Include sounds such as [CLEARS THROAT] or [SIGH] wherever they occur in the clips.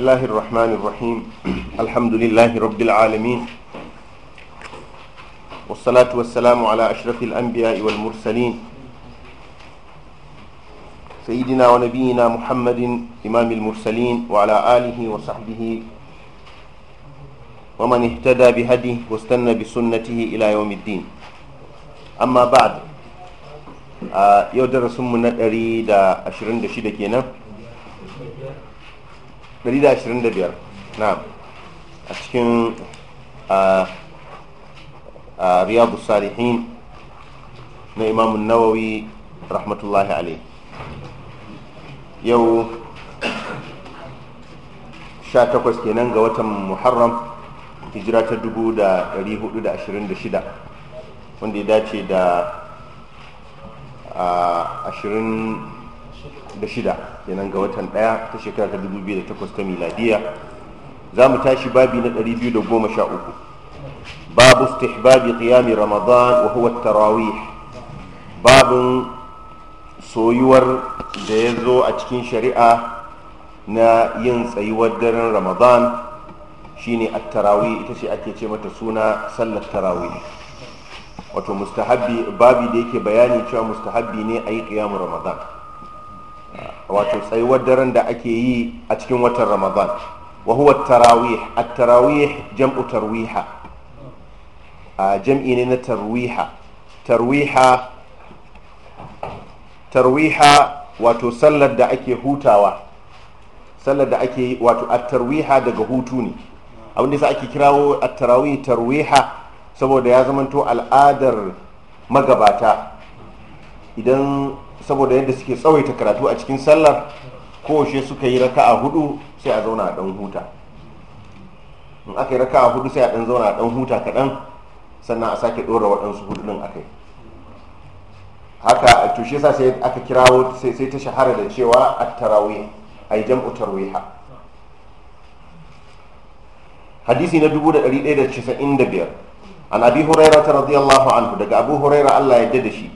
الله الرحمن الرحيم الحمد لله رب العالمين والصلاة والسلام على أشرف الأنبياء والمرسلين سيدنا ونبينا محمد إمام المرسلين وعلى آله وصحبه ومن اهتدى بهديه واستنى بسنته إلى يوم الدين أما بعد يودر سمنا أريد أشرين دشيدة 125 na'am a cikin riyadu salihin na imamun nawawi rahmatullahi alaihi yau 18 kenan ga watan muharram hijira ta 426 wanda ya dace da 20 da shida kenan ga watan daya ta shekara ta 2008 ta miladiya za mu tashi babi na 213 babu istihbabi qiyami ramadan wa huwa tarawih babin soyuwar da ya zo a cikin shari'a na yin tsayuwar daren ramadan shine at-tarawih ita ce ake ce mata suna sallar tarawih wato mustahabbi babi da yake bayani cewa mustahabbi ne a yi qiyamul ramadan wato tsayuwar daren da ake yi a cikin watan ramadan wa huwa tarawih at-tarawih jam'u tarwiha a jam'i ne na tarwiha tarwiha tarwiha wato sallar da ake hutawa sallar da ake wato at-tarwiha daga hutu ne abinda yasa ake kirawo at-tarawih tarwiha saboda ya zamanto al'adar magabata idan saboda yadda suke tsawaita karatu a cikin sallar she suka yi raka a hudu sai a zauna a dan huta in aka yi raka a hudu sai a dan zauna a dan huta kaɗan sannan a sake ɗora waɗansu hudu ɗin akai haka to shi yasa sai aka kirawo sai ta shahara da cewa at-tarawih ay jam'u tarwiha hadisi na 1195 an abi hurairah radiyallahu anhu daga abu hurairah Allah ya yarda da shi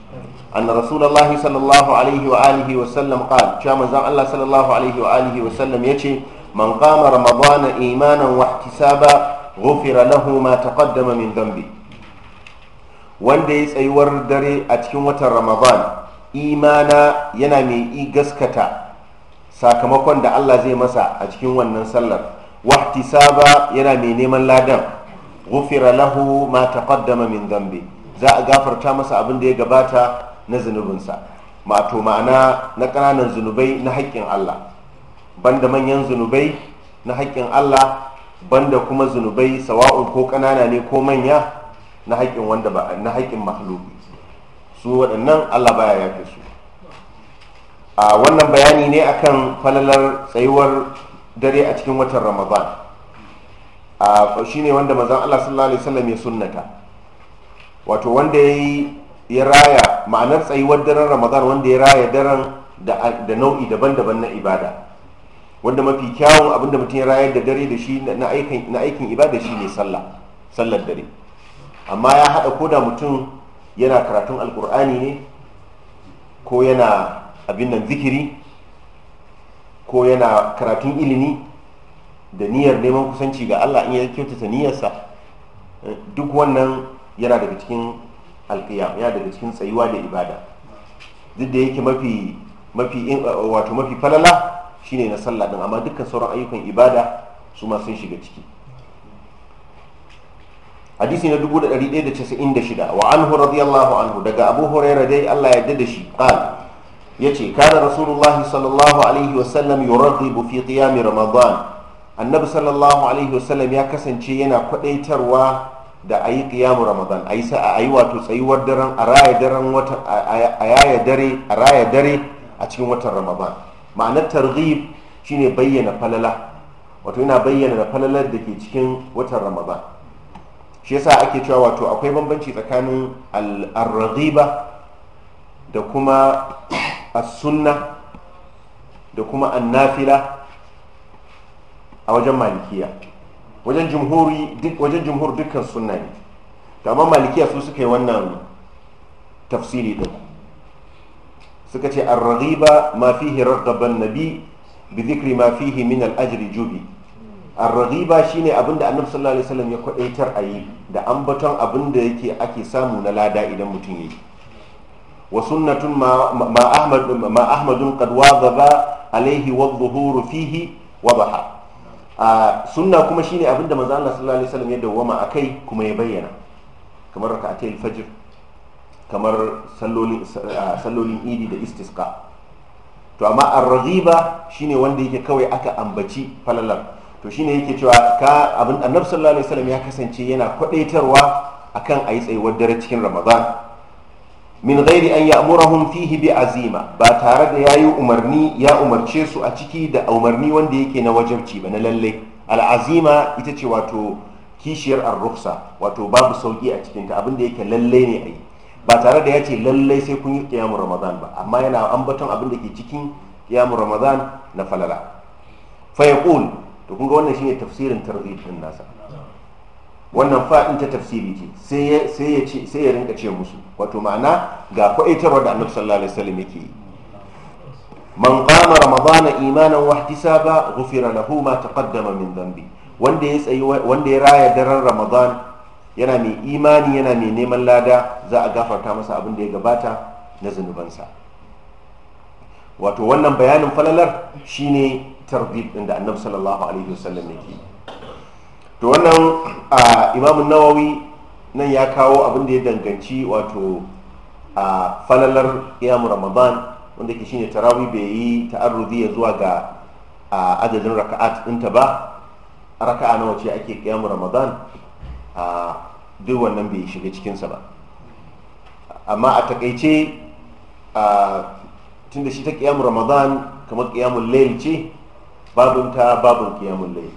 أن رسول الله صلى الله عليه وآله وسلم قال شام زان الله صلى الله عليه وآله وسلم يتي من قام رمضان إيمانا واحتسابا غفر له ما تقدم من ذنبه wanda ya tsayuwar dare a cikin watan ramadan imana yana mai gaskata sakamakon da allah zai masa a cikin wannan sallar wahtisaba yana mai neman ladan gufira lahu ma taqaddama min dambe za a gafarta masa abin da ya gabata na zunubinsa mato ma'ana na ƙananan zunubai na haƙƙin Allah banda manyan zunubai na haƙƙin Allah banda kuma zunubai sawa'un ko ƙanana ne ko manya na haƙƙin wanda ba na haƙƙin su waɗannan Allah baya yafe su a wannan bayani ne akan falalar tsayuwar dare a cikin watan Ramadan a ne wanda mazan Allah sallallahu alaihi wasallam ya sunnata wato wanda yayi ya raya ma'anar tsayuwar daren ramadan wanda ya raya daren da nau'i daban-daban na ibada wanda mafi kyawun abin da mutum ya rayar da dare da shi na aikin ibada shi ne sallah sallar dare amma ya haɗa ko da mutum yana karatun alkur'ani ne ko yana abin nan zikiri ko yana karatun ilimi da niyyar neman kusanci ga allah in ya kyautata niyyarsa eh, duk wannan yana daga cikin alqiyam ya daga cikin tsayuwa da ibada duk da yake mafi mafi wato mafi falala shine na sallah din amma dukkan sauran ayyukan ibada su ma sun shiga ciki hadisi na 1196 wa anhu radiyallahu anhu daga abu huraira dai Allah ya yarda da shi qala yace kana rasulullahi sallallahu alaihi wasallam yurghibu fi qiyam ramadan annabi sallallahu alaihi wasallam ya kasance yana kwadaitarwa da a yi ƙiyamu ramadan a yi sa'a a wato tsayuwar daren a raya dare a raya dare cikin watan ramadan ma'anar targhib shine bayyana falala wato yana bayyana da falalar da ke cikin watan ramadan shi yasa ake cewa wato akwai bambanci tsakanin al-raghiba da kuma as-sunna da kuma annafila a wajen malikiya wajen jumhuri duk wajen jumhur dukkan sunna ne to amma malikiya su suka yi wannan tafsiri din suka ce ar-raghiba ma fihi raghaba nabi bi dhikri ma fihi min al-ajri jubi ar-raghiba shine abinda annabi sallallahu alaihi wasallam ya kwadaitar a yi da ambaton abinda yake ake samu na lada idan mutum yake wa sunnatun ma ahmad ma ahmadun qad wadaba alaihi wadh-dhuhuru fihi wadaha a sunna kuma shine abinda da manzo Allah sallallahu alaihi wasallam ya dawwama akai kuma ya bayyana kamar rak'atayil fajr kamar sallolin sallolin idi da istisqa to amma ar-raghiba shine wanda yake kawai aka ambaci falalar to shine yake cewa ka abin annabi sallallahu alaihi wasallam ya kasance yana kwadaitarwa akan ayi tsayuwar dare cikin ramadan min ghairi an ya'murahum fihi bi azima ba tare da yayi umarni ya umarce su a ciki da umarni wanda yake na wajabci ba na lalle al'azima ita ce wato kishiyar ar wato babu sauki a cikin ta abinda yake lalle ne ayi ba tare da ya ce lalle sai kun yi qiyamul ramadan ba amma yana ambaton abin da ke cikin qiyamul ramadan na falala fa yaqul to kun ga wannan shine tafsirin targhib din nasa wannan fadin ta tafsiri ce sai ya ce rinka ce musu wato ma'ana ga kwaitarwa da annabi sallallahu alaihi wasallam yake yi man qama ramadana imanan wa ihtisaba ghufira lahu ma taqaddama min dhanbi wanda ya tsayi wanda ya raya daren ramadan yana mai imani yana mai neman lada za a gafarta masa abin da ya gabata na zunubansa wato wannan bayanin falalar shine tarbib din da annabi sallallahu alaihi wasallam yake yi to wannan a imamun nawawi nan ya kawo abin da ya danganci wato a falalar iyamun ramadan wanda ke shine tarawi bai yi ta'arruzi ya zuwa ga adadin raka'at ɗinta ba raka'a nawa ce ake iyamun ramadan a duk wannan bai shiga cikinsa ba amma a takaice tunda shi ta kiyamu ramadan kamar kiyamun lail ce babun ta babun kiyamun lail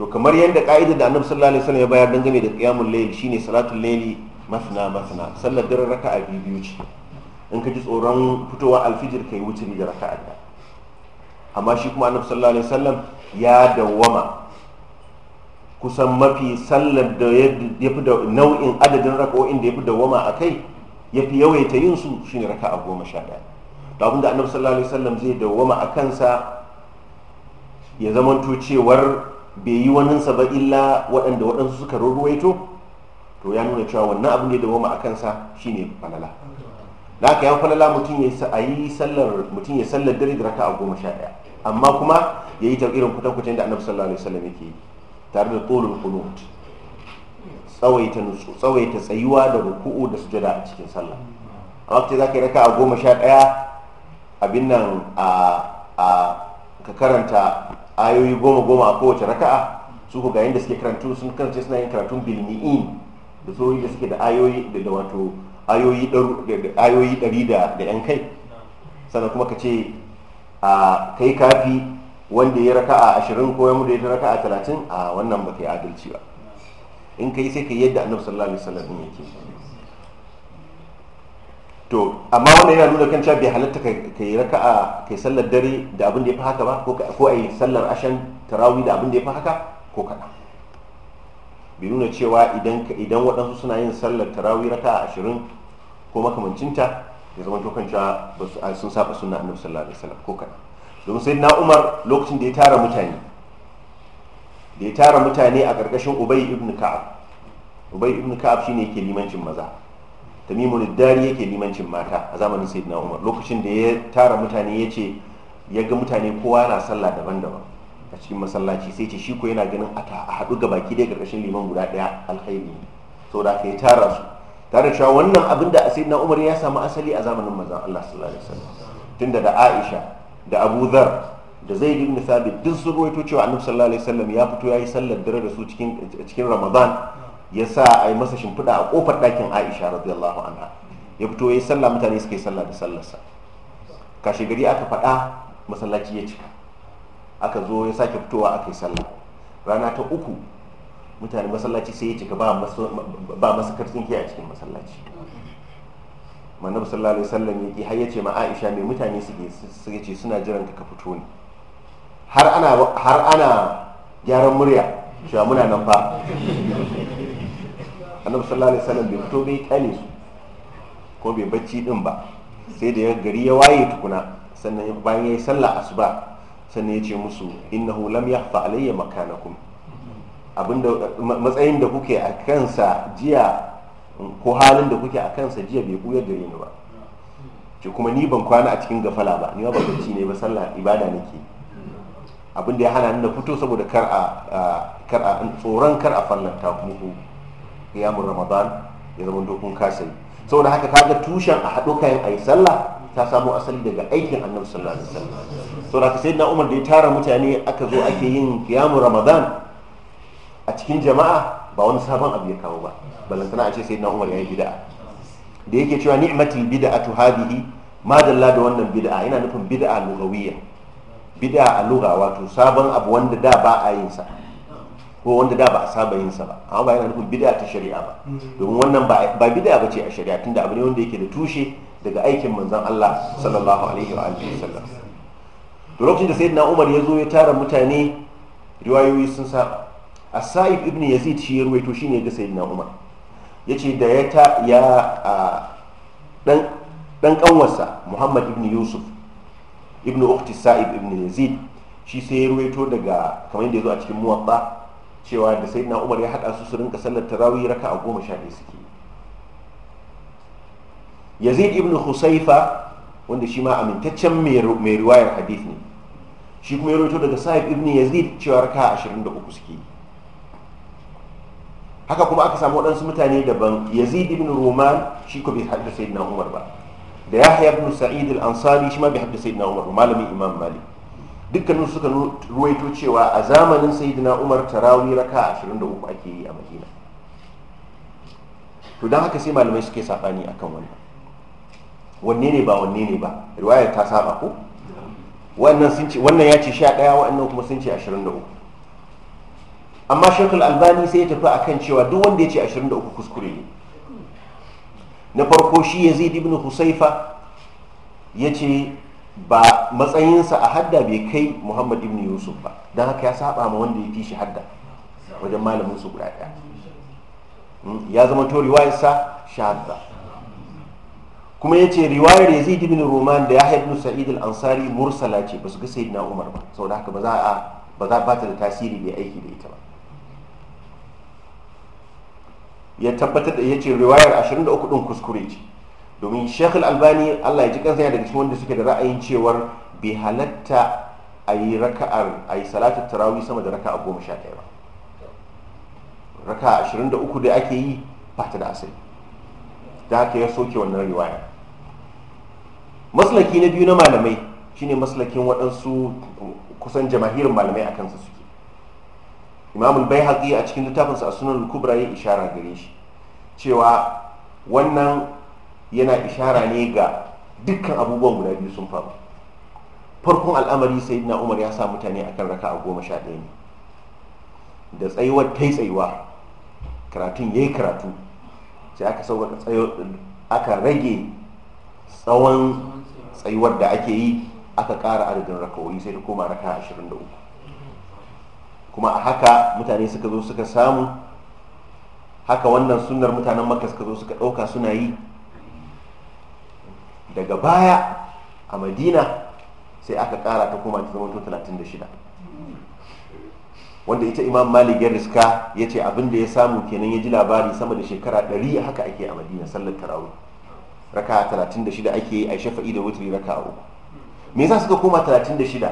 to kamar yadda ka'idar da annabi sallallahu alaihi wasallam ya bayar dangane da qiyamul layl shine salatul layli masna masna sallar dare raka'a biyu ce in ka ji tsoron fitowa alfijir kai ne da raka'a da amma shi kuma annabi sallallahu alaihi wasallam ya dawwama kusan mafi sallar da ya fi da nau'in adadin raka'o'in da ya fi dawwama a kai ya fi yawaita yin su shine raka'a goma sha ɗaya to abinda annabi sallallahu alaihi wasallam zai dawwama a kansa ya zamanto cewar bai yi waninsa ba illa waɗanda waɗansu suka ruwaito to ya nuna cewa wannan abin da ya a kansa shine falala da aka yi falala mutum ya a yi sallar mutum ya sallar dare da raka a goma sha ɗaya amma kuma ya yi ta irin kutan da annabi sallallahu alaihi wasallam yake tare da tsolin kunut tsawaita tsayuwa da ruku'u da sujada a cikin sallah a wakati za ka yi a goma sha ɗaya abin nan a ka karanta ayoyi goma goma a kowace raka'a su ku ga yadda suke karantu sun karance suna yin karatun bilmi'in da su da suke da ayoyi da wato ayoyi ɗari da yan kai sannan kuma ka ce a kai kafi wanda ya raka'a ashirin ko ya muda ya raka'a talatin a wannan ba ka yi adalci ba in kai sai ka yi yadda annabi sallallahu alaihi wasallam yake to amma wannan yana nuna kan cewa bai halatta ka yi a kai sallar dare da abin da ya fi haka ba ko ko ai sallar ashan tarawih da abin da ya fi haka ko kaɗa bai nuna cewa idan idan waɗansu suna yin sallar tarawih a ashirin ko makamancinta ya zama to kan cewa sun saba sunna annabi sallallahu alaihi wasallam ko kaɗa. domin sai na umar lokacin da ya tara mutane da ya tara mutane a ƙarƙashin ubay ibn ka'ab ubay ibn ka'ab shine yake limancin maza tamimun dari yake limancin mata a zamanin sayyidina umar lokacin da ya tara mutane ya ce ya ga mutane kowa na sallah daban-daban a cikin masallaci sai ce shi ko yana ganin a haɗu ga baki dai ƙarƙashin liman guda ɗaya alkhairi saboda ka ya tara su tare cewa wannan abin da sayyidina umar ya samu asali a zamanin manzon Allah sallallahu alaihi wasallam tunda da Aisha da Abu Dhar da zai yi misali duk sun ruwaito cewa Annabi sallallahu alaihi wasallam ya fito ya yi sallar dare da su cikin cikin Ramadan ya sa a yi masa shimfiɗa a ƙofar ɗakin aisha radiyallahu anha ya fito ya yi sallah mutane suka yi sallah da sallarsa kashe gari aka faɗa masallaci ya cika aka zo ya sake fitowa aka yi sallah rana ta uku mutane masallaci sai ya cika ba masu karfin a cikin masallaci manabu sallallahu alaihi wasallam ya ki har ya ce ma aisha mai mutane suke ce suna jiran ka fito ne har ana har ana gyaran murya cewa muna nan fa annabi sallallahu alaihi wasallam bai fito bai kyale su ko bai bacci din ba sai da gari ya waye tukuna sannan bayan ya yi sallah asuba sannan ya ce musu innahu lam yahfa alayya makanakum abinda matsayin da kuke a kansa jiya ko halin da kuke a kansa jiya bai buyar gare ni ba ce kuma ni ban kwana a cikin gafala ba ni ba bacci ne ba sallah ibada nake abinda ya hana ni na fito saboda kar a tsoron kar a fallanta muku Kiyamun ramadan ya zama dokun kasari saboda haka kaga tushen a haɗu kayan a yi sallah ta samo asali daga aikin annabi sallallahu alaihi wasallam saboda haka sayyidina umar da ya tara mutane aka zo ake yin kiyamun ramadan a cikin jama'a ba wani sabon abu ya kawo ba balantana a ce sayyidina umar ya yi bid'a da yake cewa ni'matul bid'atu hadihi madalla da wannan bida'a yana nufin bid'a lugawiyya bid'a a lugha wato sabon abu wanda da ba a yin sa ko wanda da ba a saba yin sa ba amma ba yana nufin bid'a ta shari'a ba domin wannan ba bid'a ba ce a shari'a tunda abu ne wanda yake da tushe daga aikin manzon Allah sallallahu alaihi wa alihi wasallam to lokacin da sayyidina Umar ya zo ya tara mutane riwayoyi sun saba as-sa'ib ibn yazid shi ya ruwaito shine ga sayyidina Umar yace da ya ta ya dan dan kanwarsa Muhammad ibn Yusuf ibn ukhti sa'ib ibn yazid shi sai ya ruwaito daga kamar yadda ya zo a cikin muwatta cewa da sayyidina umar ya haɗa su su rinka sallar tarawih raka a goma sha ɗaya suke yazid ibn husaifa wanda shi ma amintaccen mai riwayar hadith ne shi kuma ya rawaito daga sahib ibn yazid cewa raka uku suke haka kuma aka samu waɗansu mutane daban yazid ibn roman shi ko bai haddasa sayyidina umar ba da yahya ibn sa'id al-ansari shi ma bai haddasa sayyidina umar ba malamin imam malik dukkanin suka ruwaito cewa a zamanin sayidina umar tarawih raka 23 ake yi a madina to don haka sai malamai suke a akan wannan wanne ne ba wanne ne ba riwayar ta saba ko wannan sun ce wannan ya ce 11 wannan kuma sun ce 23 amma shekul albani sai ya tafi akan cewa duk wanda ya ce 23 kuskure ne na farko shi yazid ibn husaifa ya ce ba matsayinsa a hadda bai kai muhammad ibn yusuf ba don haka ya saba ma wanda ya fi shi hadda wajen malamin su guda ɗaya hmm? ya zama to sa shahadda kuma ya ce riwayar yazid ibn roman da ya haifu sa'id al-ansari mursala ce ba su ga sayyidina umar ba saboda haka ba za a ba za ba da tasiri mai aiki da ita ba ya tabbatar da ya ce riwayar 23 din kuskure ce domin sheikh albani allah ya ji kansa yana daga cikin wanda suke da ra'ayin cewar bai halatta a yi raka'ar a yi salatu tarawih sama da raka'a goma sha ɗaya ba raka'a ashirin da uku da ake yi ba ta da asali da haka ya soke wannan riwaya maslaki na biyu na malamai shine maslakin waɗansu kusan jamahirin malamai a kansa suke imamul bai a cikin littafinsa a sunan kubra ya ishara gare shi cewa wannan yana ishara ne ga dukkan abubuwan guda biyu sun faru farkon al'amari sai na umar ya sa mutane akan raka a goma sha ɗaya ne da tsayuwar ta yi tsayuwa karatun ya yi karatu sai aka sauƙaƙa aka rage tsawon tsayuwar da ake yi aka ƙara adadin rakawoyi sai ta koma raka 23 kuma a haka mutane suka zo suka samu haka wannan sunnar mutanen makka suka zo suka ɗauka suna yi daga baya a madina sai aka kara ta koma ta zamanto 36 wanda ita imam malik ya riska ya ce abinda ya samu kenan ya ji labari sama da shekara 100 haka ake a madina sallar tarawih raka 36 ake yi a shafa'i da wuturi raka uku me yasa suka koma 36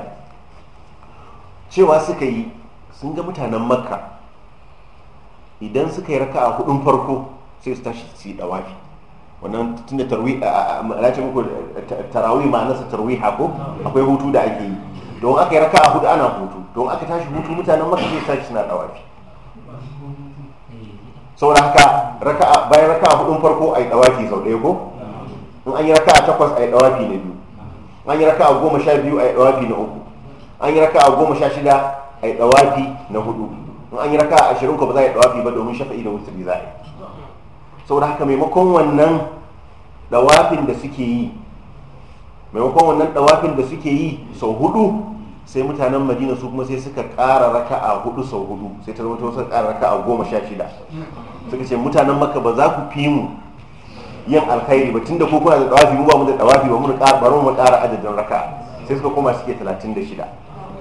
cewa suka yi sun ga mutanen makka idan suka yi raka a hudun farko sai su tashi su yi dawafi wannan tunda tarwi a ce muku tarawi ma'anarsa tarwiha ko akwai hutu da ake yi don aka yi raka a hudu ana hutu don aka tashi hutu mutanen maka zai tashi suna sau da haka bayan raka a hudun farko a yi dawaki sau ɗaya ko in an yi raka a takwas a yi dawaki na biyu an yi raka a goma sha biyu a yi dawaki na uku an yi raka a goma sha shida a yi dawaki na hudu in an yi raka a ashirin ko ba za a yi dawaki ba domin shafa'i da wuturi za a yi saboda haka maimakon wannan dawafin da suke yi maimakon wannan dawafin da suke yi sau hudu sai mutanen madina su kuma sai suka ƙara raka a hudu sau hudu sai ta zama suka ƙara raka a goma sha shida suka ce mutanen maka ba za ku fi mu yin alkhairi ba tunda ko kuna da dawafi mu ba mu da dawafi ba mu bari mu ƙara adadin raka sai suka koma suke 36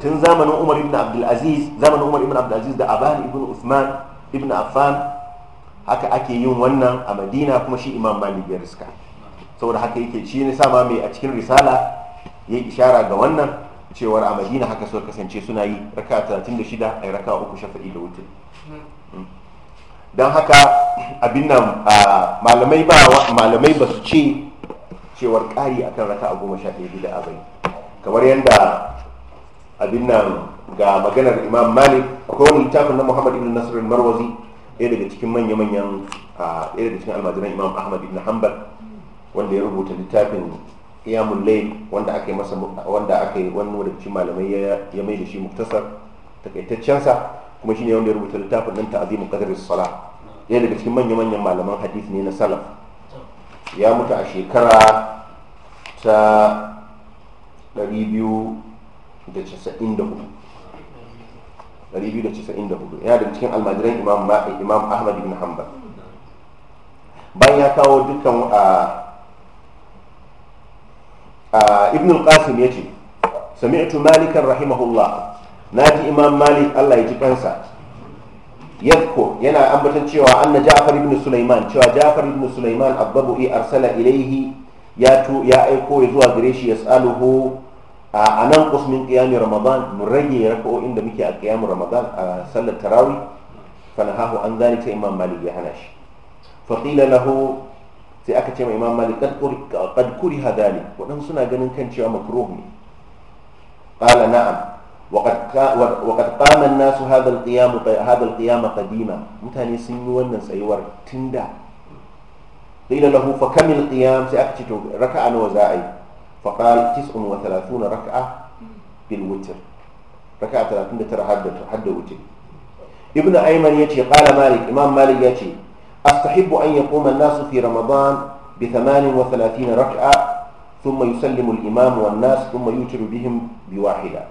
tun zamanin Umar ibn Abdul Aziz zamanin Umar ibn Abdul Aziz da Aban ibn usman ibn Affan haka ake yin wannan a madina kuma shi imam malik ya riska saboda haka yake shi ne sama mai a cikin risala ya ishara ga wannan cewar a madina haka suka kasance suna yi raka 36 a yi raka uku shafa'i da wutu mm. don haka abin nan malamai ba malamai ba su ce cewar ƙari akan raka goma sha ɗaya da abai kamar yadda abin nan ga maganar imam malik akwai wani littafin na muhammad ibn nasirin marwazi ɗaya daga cikin manya-manyan ɗaya daga cikin almajiran imam ahmad ibn hanbal wanda ya rubuta littafin iyamun lai wanda aka yi masa wanda aka yi wani wadda cikin malamai ya mai da shi muktasar takaitaccensa sa kuma shine wanda ya rubuta littafin nan ta'zimu su sala ɗaya daga cikin manya-manyan malaman hadith ne na salaf ya mutu a shekara ta ɗari biyu da da casa'in hudu 294 yana daga cikin almajiran imam imam ahmad ibn hanbal bayan ya kawo dukkan ibn al-qasim yace sami'tu malikan rahimahullah na ji imam malik Allah ya ji kansa yadko yana ambatan cewa anna ja'far ibn sulaiman cewa ja'far ibn sulaiman abbabu i arsala ilaihi ya ya aiko ya zuwa gare shi yas'aluhu a nan usmin qiyami ramadan mu rage raka'o'in da muke a qiyam ramadan a sallar tarawih fanahahu an zalika imam malik ya hana shi fa qila lahu sai aka ce ma imam malik wadan suna ganin kan cewa makruh ne qala na'am sun yi wannan tsayuwar tunda qila lahu fa kamil qiyam sai aka ce to raka'a nawa za a yi فقال تسع وثلاثون ركعة بالوتر ركعة ثلاثين ترى حد حد وتر ابن أيمن يتي قال مالك إمام مالك يتي أستحب أن يقوم الناس في رمضان بثمان وثلاثين ركعة ثم يسلم الإمام والناس ثم يوتر بهم بواحدة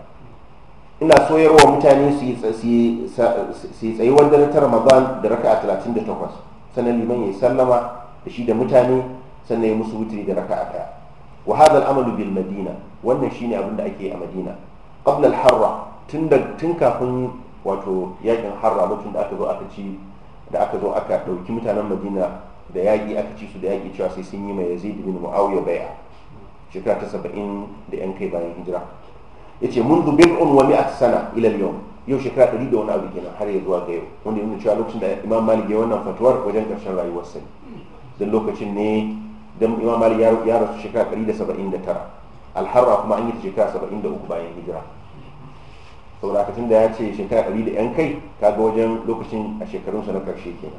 إن سوير ومتاني سي سي سي سي ودرة رمضان بركعة ثلاثين تقص سنة لمن يسلم da shi da mutane sannan ya musu wuturi da raka'a ɗaya wa al-amalu bil madina wannan shine abin da ake a madina qabla Harwa tun kafin wato yakin harra lokacin da aka zo aka ci da aka zo aka dauki mutanen madina da yaƙi aka ci su da yaƙi cewa sai sun yi mai yazid bin muawiya baya shekara ta saba'in da yan kai bayan hijira ce mundu bid'un wa mi'at sana ila al yau shekara ɗari da wani abu kenan har ya zuwa ga yau wanda yana cewa lokacin da imam malik ya wannan fatuwar wajen karshen rayuwarsa ne don lokacin ne dan imam malik ya rasu shekara 179 alharra kuma an yi ta shekara 73 bayan hijira saboda haka tunda ya ce shekara 100 da yan kai ga wajen lokacin a shekarunsa na karshe kenan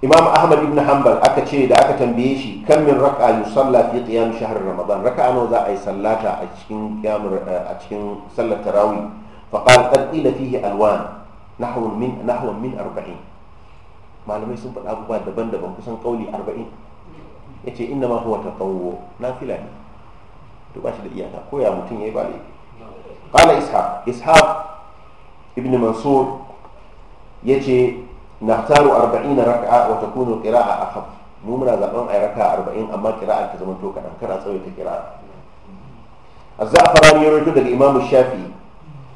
imam ahmad ibn hanbal aka ce da aka tambaye shi kan min raka yusalla fi qiyam shahr ramadan raka'a nawa za a yi sallata a cikin eh, a cikin sallar tarawih fa qala qad qila fihi alwan nahwan min nahwan min 40 malamai sun faɗa abubuwa daban-daban kusan kauli arba'in ya ce inda ma huwa taqawwu nafila ne to ba shi da iyaka ko ya mutum yayi ba laifi qala ishaq ishaq ibn mansur ya ce yace arba'in na rak'a wa takunu a akhaf mu muna zaben ayi raka'a arba'in amma qira'a ta zama to kadan kana tsawaita qira'a الزعفراني يروي daga Imamu Shafi.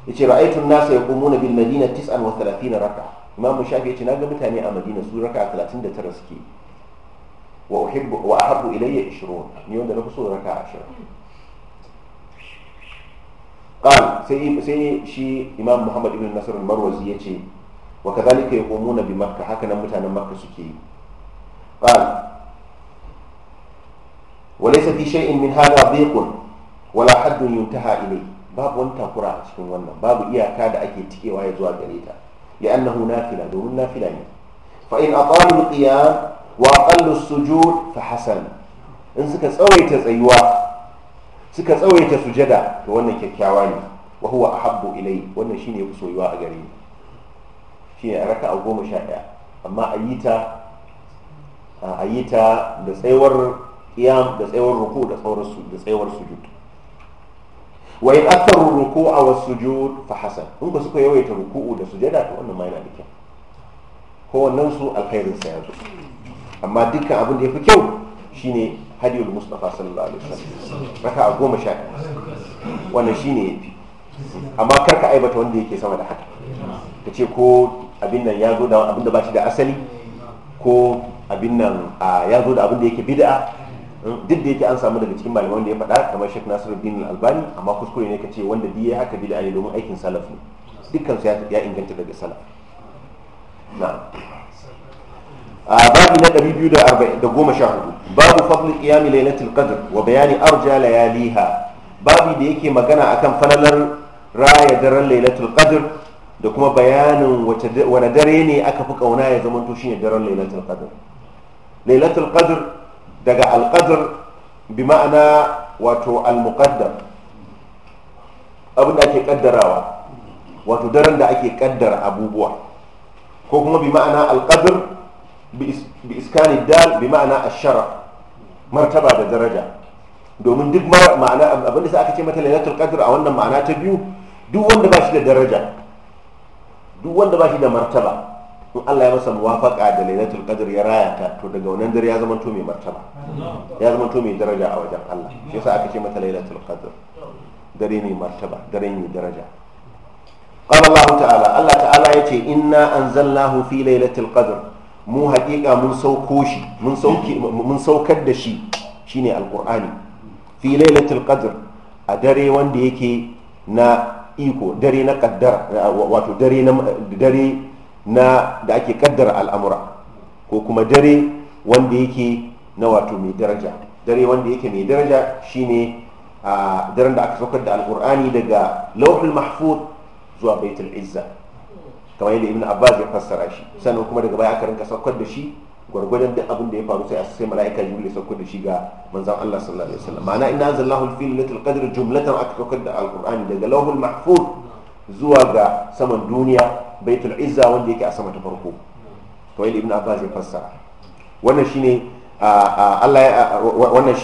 Ya ce ra'aitun nasa ya yaqumuna bil madina 39 raka imamu shafi yace ga mutane a madina su raka 39 suke wa uhibbu wa ahabbu ilayya 20 ni wanda na fi so raka 20 qal sai shi imam muhammad ibn nasr al-marwazi yace wa kadhalika yaqumuna bi makkah haka nan mutanen makkah suke yi qal وليس في شيء من هذا ضيق ولا حد ينتهى إليه باب وانت قرأ cikin wannan babu iyaka da ake tikewa ya zuwa gare لأنه نافلة دون نافلة فإن أطالوا القيام وأقلوا السجود فحسن إن سكت سويت تسيوا سكت سويت سجدا وانا كيكاواني وهو أحب إلي وانا شيني يسويوا أجري شيني أركا أو قوم شائع أما أيتا أيتا بسيور قيام بسيور ركوع بسيور سجود wa in aktharu ruku'a wasu sujud fa hasan in ba suka yawaita ruku'u da sujada to wannan ma yana da kyau ko wannan su alkhairin sa yanzu amma dukkan abin da yafi kyau shine hadiyul mustafa sallallahu alaihi wasallam raka goma sha wannan shine yafi amma kar ka aibata wanda yake sama da haka ka ce ko abin nan ya zo da abin da ba shi da asali ko abin nan ya zo da abin da yake bid'a duk da yake an samu daga cikin malamai wanda ya faɗa kamar Sheikh Nasiruddin Al-Albani amma kuskure ne ka ce wanda biye haka bid'a ne domin aikin salaf ne dukkan su ya inganta daga salaf na a babu na 214 babu fadl qiyam lailatul qadr wa bayani arja layaliha babu da yake magana akan fanalar raya daren lailatul qadr da kuma bayanin wani dare ne aka fi kauna ya zama zamanto shine daren lailatul qadr lailatul qadr daga alƙadar bi ma'ana wato almuqaddam abin da ake ƙaddarawa wato daren da ake ƙaddar abubuwa ko kuma bi ma'ana alƙadar bi iskani dal bi ma'ana ashara martaba da daraja domin duk ma'ana abin da sai aka ce mata lailatul qadr a wannan ma'ana ta biyu duk wanda ba shi da daraja duk wanda ba shi da martaba in Allah ya masa muwafaqa da lailatul qadr ya raya ta to daga wannan dare ya zama to mai martaba ya zama to mai daraja a wajen Allah shi yasa aka ce mata lailatul qadr dare mai martaba dare mai daraja قال الله تعالى الله تعالى يتي إنا أنزلناه في ليلة القدر مو حقيقة من سوكوشي من سوكي من سوكد شيني القرآن في ليلة القدر أدري وان ديكي نا إيكو دري نا واتو دري نا دري na da ake kaddara al'amura ko kuma dare wanda yake na wato mai daraja dare wanda yake mai daraja shine a daren da aka saukar da alkur'ani daga lauhul mahfud zuwa baitul izza kamar yadda ibn abbas ya fassara shi sannan kuma daga baya aka rinka saukar da shi gwargwadon duk abin da ya faru sai a sai mala'ika jibril ya saukar da shi ga manzon Allah sallallahu alaihi wasallam ma'ana inna anzalallahu al-fil latul qadr jumlatan aka saukar da alkur'ani daga lauhul mahfud zuwa ga saman duniya baitul izza wanda yake a sama ta farko yi ibn abbas ya fassara wannan shine Allah wannan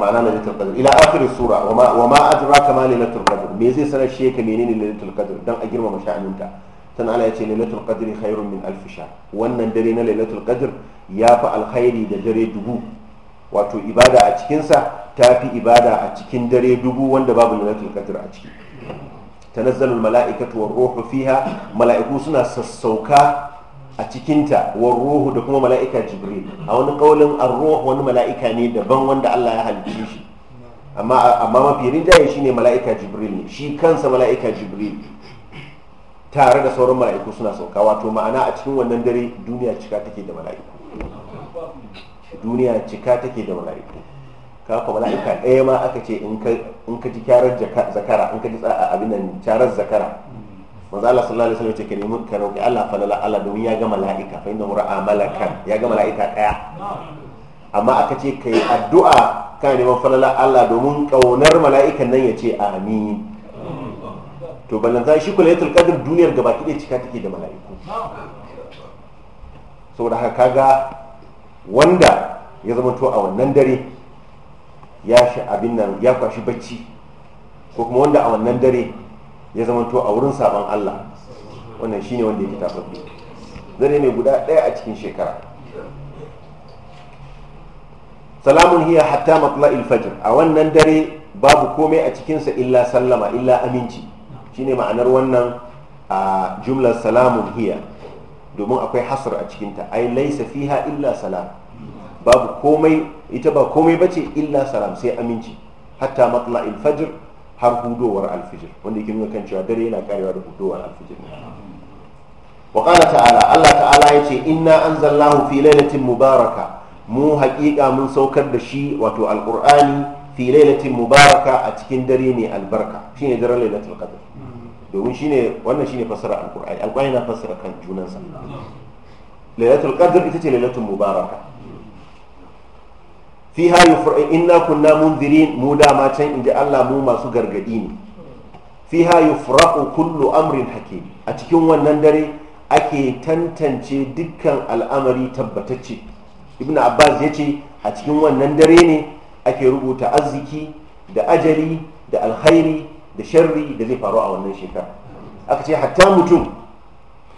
ma'ana na lailatul qadr ila akhirin sura wa ma adraka ma lailatul qadr me zai sanar shi ka menene lailatul qadr dan a girmama sha'aninta tana Allah ya ce lailatul qadr khairun min alfisha. wannan dare na lailatul qadr ya fi alkhairi da dare dubu wato ibada a cikinsa ta fi ibada a cikin dare dubu wanda babu lilatul qadr a ciki tanazzalul mala'ikatu war ruhu mala'iku suna sassauka a cikinta war da kuma mala'ika jibril a wani kaulin ar ruh wani mala'ika ne daban wanda Allah ya halicce shi amma amma mafi rinjaye shine mala'ika jibril shi kansa mala'ika jibril tare da sauran mala'iku suna sauka wato ma'ana a cikin wannan dare duniya cika take da mala'iku duniya cika take da mala'iku kafa mala'ika ɗaya ma aka ce in ka ji kyarar zakara in ka ji abin nan kyarar zakara manzo Allah sallallahu alaihi wasallam ce ka nemi ka Allah fa la Allah domin ya ga mala'ika fa inna ra'a malakan ya ga mala'ika ɗaya amma aka ce kai addu'a ka neman falala Allah domin kaunar mala'ikan nan ya ce amin to balanta shi kulaytul qadr duniyar gaba ki cika take da mala'iku saboda haka kaga wanda ya zama to a wannan dare ya shi abin nan ya kwashi bacci ko kuma wanda a wannan dare ya zamanto a wurin sabon Allah wannan shine wanda yake tafaffe dare ne guda ɗaya a cikin shekara salamun hiya hatta matla'il fajr a wannan dare babu komai a cikinsa illa sallama illa aminci shine ma'anar wannan a jumlar salamun hiya domin akwai hasar a cikinta ai laisa fiha illa salam babu komai ita ba komai bace illa salam sai aminci hatta matla'il fajr har hudowar alfijir wanda yake nuna kan cewa dare yana karewa da hudowar alfijir wa qala ta'ala Allah ta'ala yace inna anzalnahu fi lailatin mubaraka mu haƙiƙa mun saukar da shi wato alqur'ani fi lailatin mubaraka a cikin dare ne albarka shine daren lailatul qadr domin shine wannan shine fasara alqur'ani alqur'ani na fasara kan junansa lailatul qadr ita ce lailatul mubaraka fiha eh, inna kunna munzirin mu dama can inji Allah mu masu gargadi ne fiha yufraqu kullu amrin hakim a cikin wannan dare ake tantance dukkan al'amari tabbatacce ibnu abbas ya ce a cikin wannan dare ne ake rubuta arziki da ajali da alkhairi da sharri da zai faru a wannan shekara aka ce hatta mutum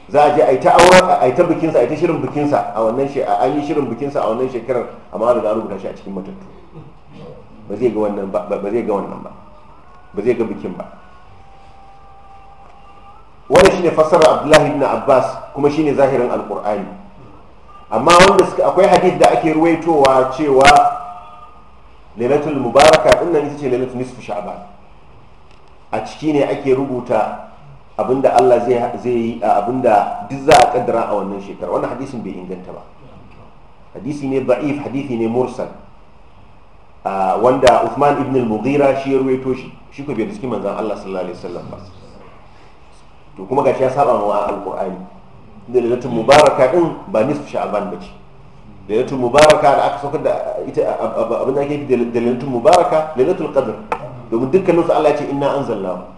za a je a yi ta aura a yi ta bikinsa a yi ta shirin bikinsa a wannan shi an yi shirin bikinsa a wannan shekarar amma da an rubuta shi a cikin matattu ba zai ga wannan ba ba zai ga wannan ba ba zai ga bikin ba wannan shine fassarar Abdullahi ibn Abbas kuma shine zahirin Alqur'ani amma wanda suka akwai hadith da ake ruwaitowa cewa lailatul mubaraka din nan ita ce lailatul nisfu sha'ban a ciki ne ake rubuta abinda Allah zai yi abinda duk za a kaddara a wannan shekara wannan hadisin bai inganta ba hadisi ne da'if hadisi ne mursal wanda Uthman ibn al-Mughira shi ya ruwaito shi shi ko bai riski manzon Allah sallallahu alaihi wasallam ba to kuma gashi ya saba wa alqur'ani da lailatul mubaraka din ba nisfu sha'ban bace lailatul mubaraka da aka saukar da ita abin da ake da lailatul mubaraka lailatul qadr domin dukkan su Allah ya ce inna anzalnahu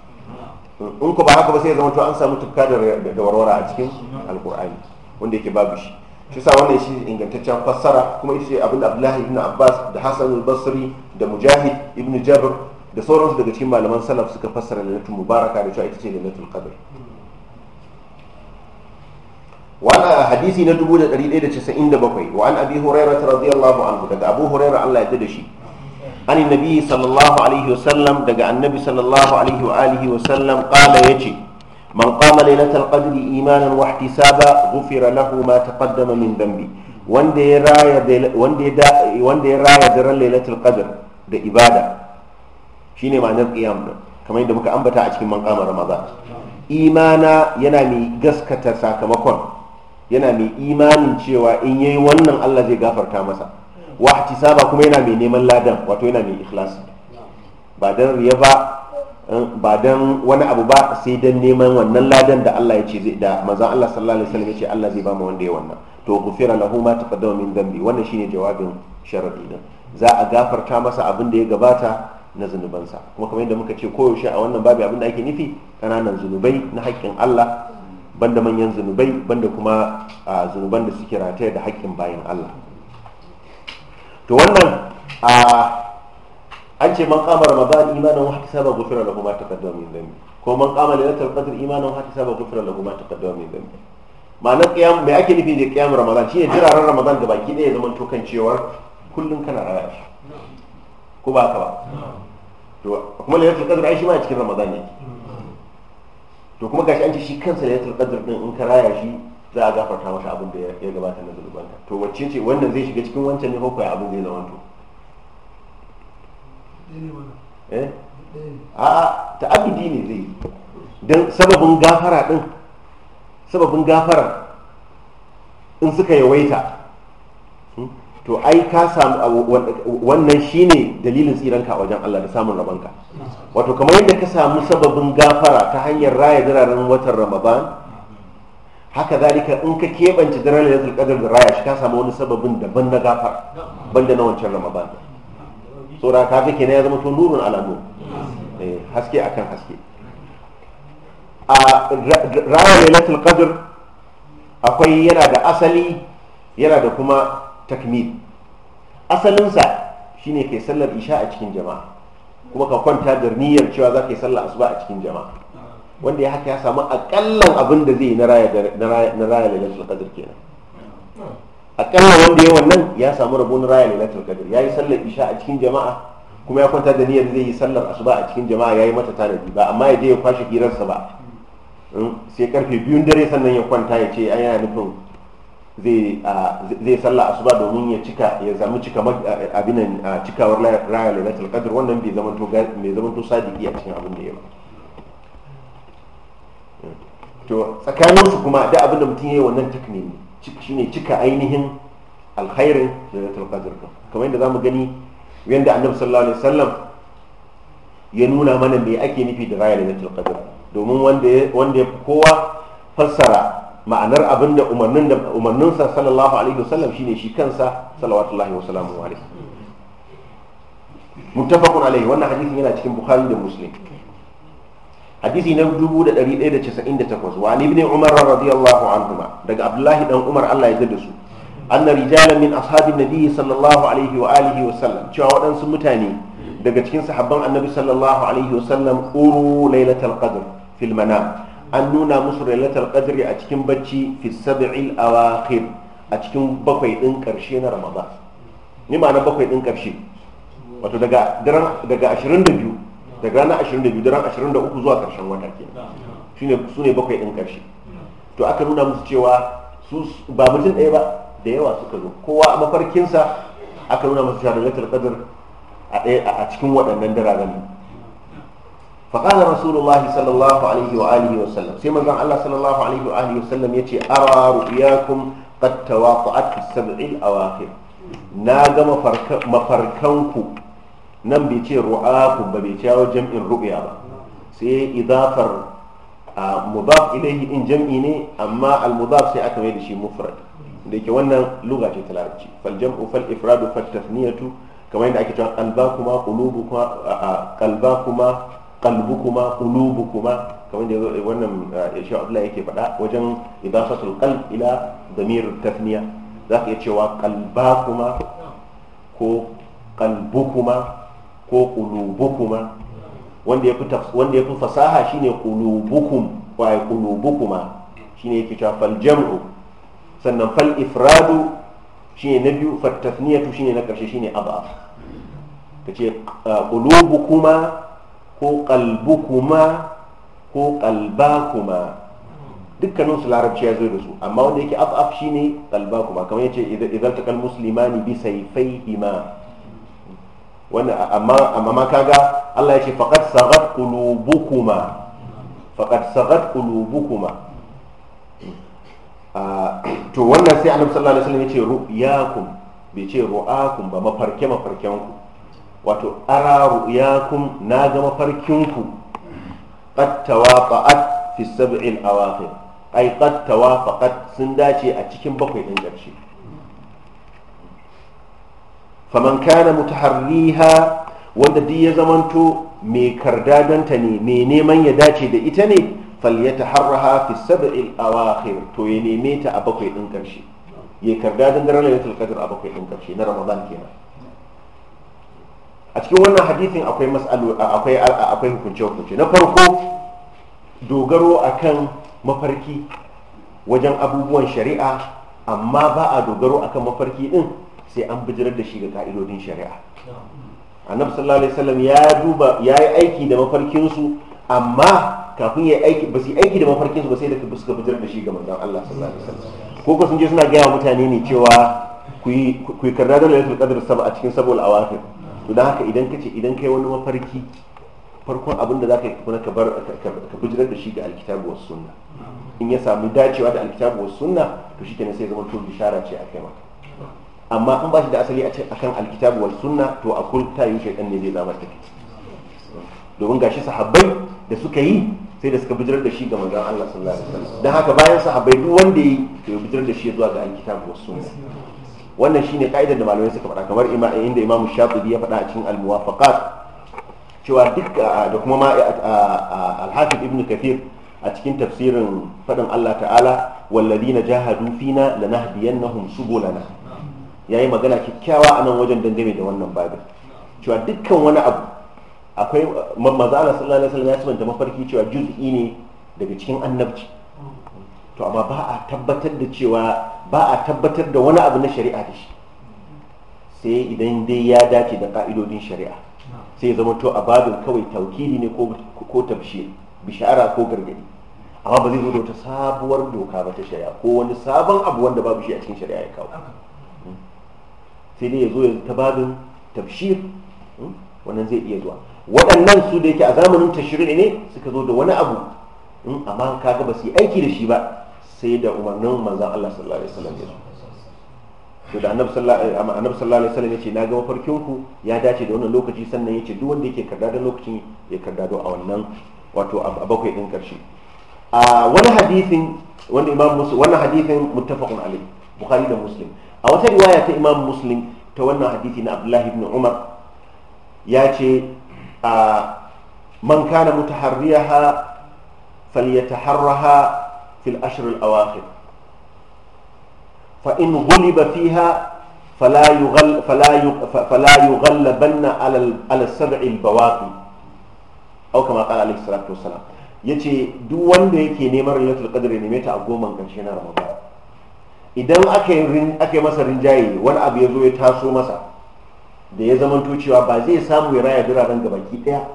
in ku ba haka ba sai zama to an samu tufka da warwara a cikin alkur'ani wanda yake babu shi shi sa wannan shi ingantaccen fassara kuma ita ce abin abdullahi ibn abbas da hassan al-basri da mujahid ibn jabr da sauransu daga cikin malaman salaf suka fassara lailatul mubaraka da cewa ita ce lailatul qadr وانا da casa'in da وعن ابي abi رضي الله عنه daga abu hurairah Allah ya da shi عن النبي صلى الله عليه وسلم دقى النبي صلى الله عليه وآله وسلم قال يجي من قام ليلة القدر إيمانا واحتسابا غفر له ما تقدم من ذنبي wanda ya raya daren lailatul qadr da ibada shine ma'anar qiyam din kamar yadda muka ambata a cikin manqama ramadan imana yana mai gaskata sakamakon yana mai imanin cewa in yayi wannan Allah zai gafarta masa wa ihtisaba kuma yana mai neman ladan wato yana mai Ikhlas ba dan riya ba eh, ba dan wani abu ba sai dan neman wannan ladan da Allah ya ce zai da manzon Allah sallallahu alaihi wasallam ya ce Allah zai ba mu wanda ya wannan to gufira lahu ma taqaddama min dambi wannan shine jawabin sharadi din za a gafarta masa abin da ya gabata na zunubansa kuma kamar yadda muka ce koyaushe a wannan babu abin da ake nufi kananan zunubai na haƙƙin Allah banda manyan zunubai banda kuma ah, zunuban da suke rataya da haƙƙin bayan Allah to wannan a an ce man kama ramadan imanin wa hisaba gufira lahu ma taqaddama min dhanbi ko man kama lailatul qadr imanin wa hisaba gufira lahu ma taqaddama min dhanbi ma'ana qiyam me ake nufi da qiyam ramadan shine jiraran ramadan da baki ɗaya zaman to kan cewar kullun kana raya shi ko ba ka ba to kuma lailatul qadr ai shi ma cikin ramadan ne to kuma gashi an ce shi kansa lailatul qadr din in ka raya shi za a gafarta masa abin da ya gabata na zunubanta to wacce ce wannan zai shiga cikin wancan ne ko abin zai zama to eh a'a ta'addudi ne zai yi don sababin gafara din sababin gafara in suka yawaita hmm, to ai ka samu wannan shine dalilin tsiranka a wajen Allah da samun rabanka wato kamar yadda ka samu sababin gafara ta hanyar raya biraren watan Ramadan haka zalika in ka keɓance daren lailatul qadr da raya shi ka samu wani sababin daban na gafar banda na wancan ramadan saboda ka ga kenan ya zama to nurun ala eh, haske akan haske a raya lailatul qadr akwai yana da asali yana da kuma takmil asalinsa shine kai sallar isha a cikin jama'a kuma ka kwanta da niyyar cewa za ka yi sallar asuba a cikin jama'a wanda ya haka ya samu akallan abin da zai yi na raya lailatul qadr kenan akalla wanda ya wannan ya samu rabo na raya lailatul kadir ya yi sallar isha a cikin jama'a kuma ya kwanta da niyyar zai yi sallar asuba a cikin jama'a ya yi mata tanadi ba amma ya je ya kwashe hirarsa ba hmm, sai karfe biyun dare sannan ya kwanta ya ce an yana nufin zai sallar asuba domin ya cika ya zama cika abinan cikawar raya lailatul kadir wannan bai zama to sadiki a cikin abin da ya ba to tsakaninsu kuma da abin da mutum ya yi wannan takmimi shine cika ainihin alkhairin da lailatul qadr kamar yadda zamu gani yadda annabi sallallahu alaihi wasallam ya nuna mana me ake nufi da raya lailatul qadr domin wanda wanda kowa fassara ma'anar abin da umarnin da umarnin sa sallallahu alaihi wasallam shine shi kansa salawatullahi wa salamu alaihi muttafaqun alaihi wannan hadisin yana cikin bukhari da muslim hadisi na 1198 wa ibn umar radiyallahu anhuma daga abdullahi dan umar Allah ya da su anna rijalan min ashabin nabi sallallahu alaihi wa alihi wa sallam cewa waɗansu mutane daga cikin sahabban annabi sallallahu alaihi wa sallam uru lailatul qadr fil manam an nuna musu lailatul qadri a cikin bacci fi sab'il awakhir a cikin bakwai din karshe na ramadan ni ma'ana bakwai din karshe wato daga daren daga 22 daga ranar 22 da ran 23 zuwa karshen wata ke su ne bakwai ɗin karshe to aka nuna musu cewa su ba mutum ɗaya ba da yawa suka zo kowa a mafarkinsa aka nuna musu cewa lailatul a cikin waɗannan dararen فقال رسول الله صلى الله عليه وآله وسلم سيما قال الله صلى الله عليه وآله وسلم يتي أرى رؤياكم قد تواطأت في السبع الأواخر ناغ مفركنكم nan bai ce ru'afu ba bai cewa jam'in ru'ya ba sai idafar mudaf ilaihi din jam'i ne amma al mudaf sai aka mai da shi mufrad da yake wannan lugha ce ta larabci fal jam'u fal ifradu fal Tafniyatu kamar yadda ake cewa qalbakuma qulubukuma qalbakuma qalbukuma qulubukuma kamar yadda wannan shi Abdullah yake faɗa wajen idafatul qalb ila damir za ka iya cewa qalbakuma ko qalbukuma ko qulubukuma wanda yafi wanda yafi fasaha shine qulubukum wa qulubukuma shine yake cewa fal jam'u sannan fal ifradu shine na biyu fattafniyatu tathniyatu shine na karshe shine adaf kace qulubukuma ko qalbukuma ko qalbakuma dukkanin su larabci ya zo da su amma wanda yake af af shine qalbakuma kamar yace idan taqal muslimani bi sayfayhima wannan amma ma kaga Allah ya ce faqad sagat qulubukuma faqad sagat qulubukuma ah, [CLEARS THROAT] to wannan sai Annabi sallallahu alaihi wasallam ya ce ru'yakum bai ce ru'akum ba mafarke mafarken ku wato ara ru'yakum na ga mafarkin ku qad tawaqa'at fi sab'il awakhir ay qad tawafaqat sun dace a cikin bakwai din ƙarshe faman kana mutaharriha wanda duk ya zamanto mai kardadanta ne mai neman ya dace da ita ne falyataharraha fi sab'il awakhir to ya neme ta a bakwai din karshe ya kardadan daren lailatul qadr a bakwai din karshe na ramadan kenan a cikin wannan hadithin akwai mas'alu akwai akwai hukunce hukunce na farko dogaro akan mafarki wajen abubuwan shari'a amma ba a dogaro akan mafarki din sai an bijirar da shi ga ka'idodin shari'a annabi sallallahu alaihi wasallam ya duba ya yi aiki da mafarkinsu amma kafin ya aiki ba su aiki da mafarkinsu ba sai da suka bijirar da shi ga manzon Allah sallallahu alaihi wasallam ko ko sun je suna gaya mutane ne cewa ku yi ku yi karra da lailatul qadr sab a cikin sabul awafir to dan haka idan kace idan kai wani mafarki farkon abin da za ka yi kuma ka bar ka bijirar da shi ga alkitabu was sunna in ya samu dacewa da alkitabu was sunna to shi shikenan sai zama to bishara ce a kai maka amma in ba shi da asali a kan alkitabu wal sunna to a kun ta yi shaidan ne zai zama ta domin gashi sahabbai da suka yi sai da suka bijirar da shi ga manzon Allah sallallahu alaihi wasallam dan haka bayan sahabbai duk wanda yi to ya bijirar da shi zuwa ga alkitabu was sunna wannan shine kaidar da malamai suka faɗa kamar inda Imam Shafi'i ya faɗa a cikin al-muwafaqat cewa duk da kuma ma al-Hafiz Ibn Kathir a cikin tafsirin faɗin Allah ta'ala walladina jahadu fina lanahdiyannahum subulana ya yi magana kyakkyawa a nan wajen dangane da wannan babin cewa dukkan wani abu akwai mazala sallallahu alaihi wasallam ya sabanta mafarki cewa juz'i ne daga cikin annabci to amma ba a tabbatar da cewa ba a tabbatar da wani abu na shari'a da shi sai idan dai ya dace da ka'idodin shari'a sai zama to a babin kawai taukili ne ko tabshi bishara ko gargadi amma ba zai zo da wata sabuwar doka ba ta shari'a ko wani sabon abu wanda babu shi a cikin shari'a ya kawo sai dai ya zo yanzu ta babin tafshir hmm, wannan zai iya zuwa waɗannan su da yake a zamanin tashri'i ne suka zo da wani abu hmm, amma kaga ba su yi aiki da shi ba sai da umarnin manzan Allah sallallahu alaihi wasallam ya to da annabi sallallahu alaihi wasallam yace na ga mafarkin ku ya dace da wannan lokaci sannan yace duk wanda yake karda da lokacin ya karda da a wannan wato a bakwai din karshe a wani hadisin wanda imam musu wannan hadisin muttafaqun alaihi bukhari da muslim a wata riwaya ta imam muslim ta wannan hadisi na abdullahi ibn umar ya ce a man kana mutaharriyaha falyataharraha fil ashr al awakhir fa in ghuliba fiha فلا يغل فلا فلا يغلبن على على السبع البواقي او كما قال عليه الصلاه والسلام yace duk wanda yake neman lailatul qadr ne mai ta a goma karshe na ramadan idan aka yi masa rinjaye wani abu ya zo ya taso masa da ya zama cewa ba zai samu ya raya biranen baki daya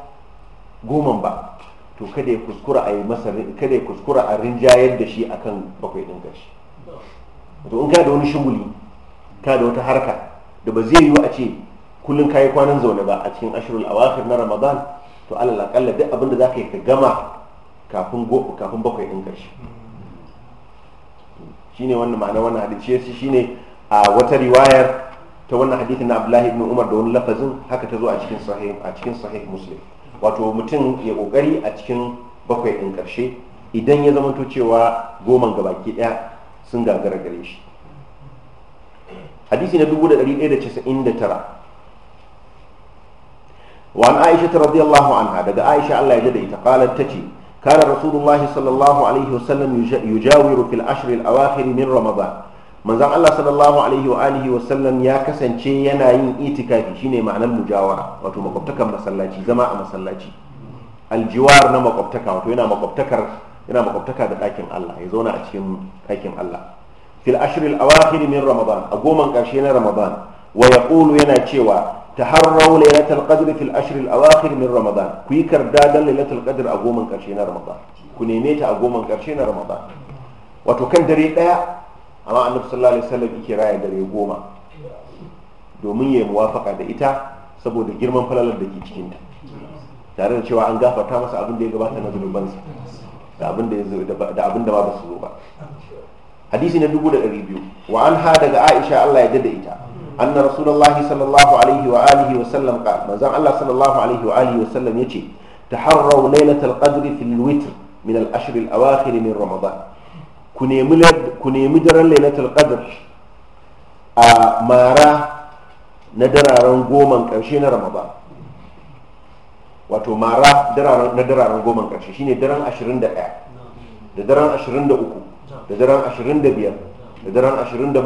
goma ba to kada ya kuskura a yi masa kada ya kuskura a rinjayar da shi akan bakwai din gashi to in ka da wani shuguli ka wata harka da ba zai yiwu a ce kullum kayi kwanan zaune ba a cikin ashirul wakar na ramadan to allah akalla duk abin da zaka yi ka gama kafin bakwai din karshe shine wannan ma'ana wannan hadisi shine a wata riwayar ta wannan hadisin na Abdullahi ibn Umar da wani lafazin haka ta zo a cikin sahih a cikin sahih Muslim wato mutum ya kokari a cikin bakwai din karshe idan ya zamanto cewa goman gabaki daya sun gagara gare shi hadisi na 1199 wa an Aisha radiyallahu anha daga Aisha Allah ya jada ita qalat tace كان رسول الله صلى الله عليه وسلم يجاور في العشر الأواخر من رمضان من زم الله صلى الله عليه وآله وسلم يا كسن شيء ينعين إتكافي شيني معنى المجاورة وتو مقبتك مسلاتي زماء مسلاتي الجوار نما مقبتك وتو ينا مقبتك ينا مقبتك دقاكين الله يزونا أتكين أكين الله في العشر الأواخر من رمضان أقوما كاشين رمضان wa yaqulu yana cewa taharraw lailatul qadr fil ashr al awakhir min ramadan kuyi yi kardadan lailatul qadr a goman karshe na ramadan ku neme a goman karshe na ramadan wato kan dare ɗaya amma annabi sallallahu alaihi wasallam yake raya dare goma domin ya muwafaka da ita saboda girman falalar da ke cikinta tare da cewa an gafarta masa abin da ya gabata na zunubansa da abin da ma ba su zo ba hadisi na biyu wa an ha daga Aisha Allah ya dada ita anna rasulullahi sallallahu alaihi wa Allah sallallahu alaihi wa alihi wa sallam yace taharraw lailatul qadri fil witr min al ashr al awakhir min ramadan ku nemi ku daren lailatul qadr a mara na dararen goman karshe na ramadan wato mara na dararen goman karshe shine daren 21 da daren 23 da daren da daren da